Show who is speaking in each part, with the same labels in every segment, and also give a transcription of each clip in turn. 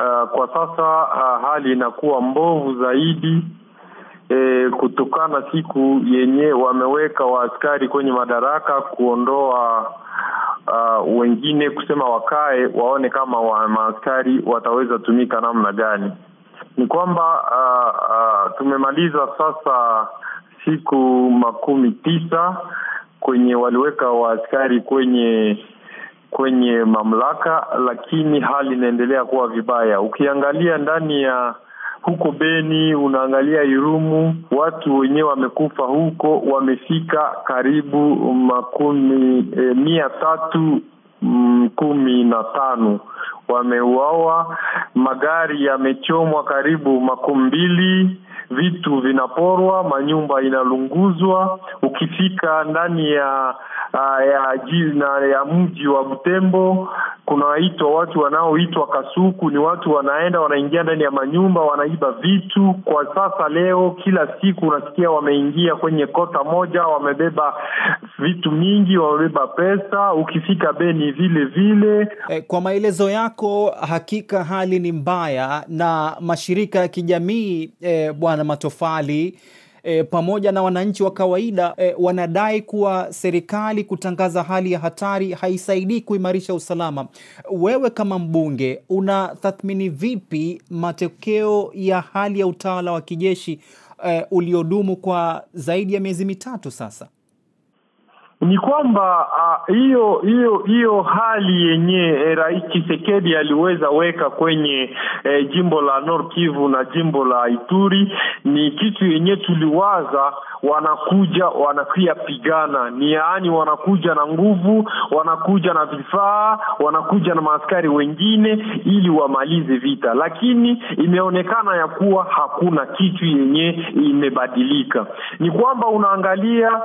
Speaker 1: Uh, kwa sasa uh, hali inakuwa mbovu zaidi e, kutokana siku yenye wameweka waaskari kwenye madaraka kuondoa uh, wengine kusema wakae waone kama wa, maaskari wataweza tumika namna gani. Ni kwamba uh, uh, tumemaliza sasa siku makumi tisa kwenye waliweka waaskari kwenye kwenye mamlaka, lakini hali inaendelea kuwa vibaya. Ukiangalia ndani ya huko Beni, unaangalia Irumu, watu wenyewe wamekufa huko, wamefika karibu makumi e, mia tatu mm, kumi na tano wameuawa magari yamechomwa karibu makumi mbili, vitu vinaporwa, manyumba inalunguzwa. Ukifika ndani ya ah, ya jina ya mji wa Butembo kunaitwa watu wanaoitwa kasuku, ni watu wanaenda wanaingia ndani ya manyumba wanaiba vitu. Kwa sasa leo, kila siku unasikia wameingia kwenye kota moja, wamebeba vitu mingi, wamebeba pesa.
Speaker 2: Ukifika Beni vile vile. Eh, kwa maelezo yako, hakika hali ni mbaya na mashirika ya kijamii e, bwana Matofali e, pamoja na wananchi wa kawaida e, wanadai kuwa serikali kutangaza hali ya hatari haisaidii kuimarisha usalama. Wewe kama mbunge, unatathmini vipi matokeo ya hali ya utawala wa kijeshi e, uliodumu kwa zaidi ya miezi mitatu sasa? ni kwamba ah,
Speaker 1: hiyo uh, hiyo hiyo hali yenye eh, Rais Chisekedi aliweza weka kwenye eh, jimbo la North Kivu na jimbo la Ituri ni kitu yenye tuliwaza wanakuja wanakuya pigana, ni yaani wanakuja na nguvu, wanakuja na vifaa, wanakuja na maaskari wengine ili wamalize vita, lakini imeonekana ya kuwa hakuna kitu yenye imebadilika. Ni kwamba unaangalia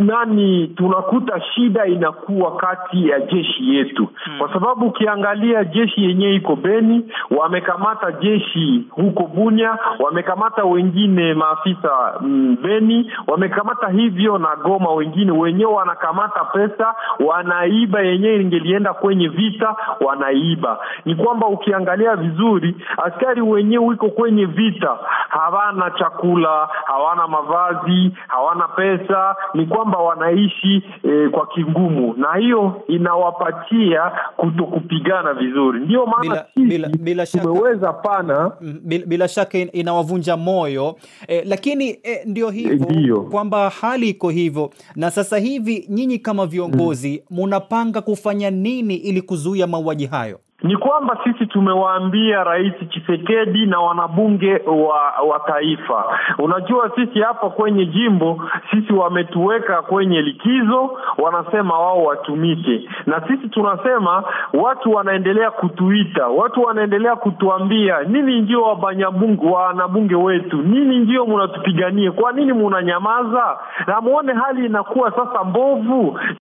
Speaker 1: nani, tunakuta shida inakuwa kati ya jeshi yetu hmm. Kwa sababu ukiangalia jeshi yenyewe iko Beni, wamekamata jeshi huko Bunya, wamekamata wengine maafisa mm, Beni wamekamata hivyo na Goma, wengine wenyewe wanakamata pesa wanaiba, yenyewe ingelienda kwenye vita wanaiba. Ni kwamba ukiangalia vizuri, askari wenyewe wiko kwenye vita, hawana chakula, hawana mavazi, hawana pesa. Ni kwamba kwamba wanaishi e, kwa kingumu,
Speaker 2: na hiyo inawapatia kutokupigana vizuri. Ndio maana tumeweza pana, bila, bila shaka mm, inawavunja moyo e, lakini e, ndio hivyo kwamba hali iko hivyo. Na sasa hivi nyinyi kama viongozi munapanga mm. kufanya nini ili kuzuia mauaji hayo? ni kwamba sisi
Speaker 1: tumewaambia Rais Chisekedi na wanabunge wa, wa taifa. Unajua, sisi hapa kwenye jimbo sisi wametuweka kwenye likizo, wanasema wao watumike, na sisi tunasema watu wanaendelea kutuita, watu wanaendelea kutuambia nini ndio wanabunge wetu, nini ndio munatupigania kwa nini munanyamaza? Na muone hali inakuwa sasa mbovu.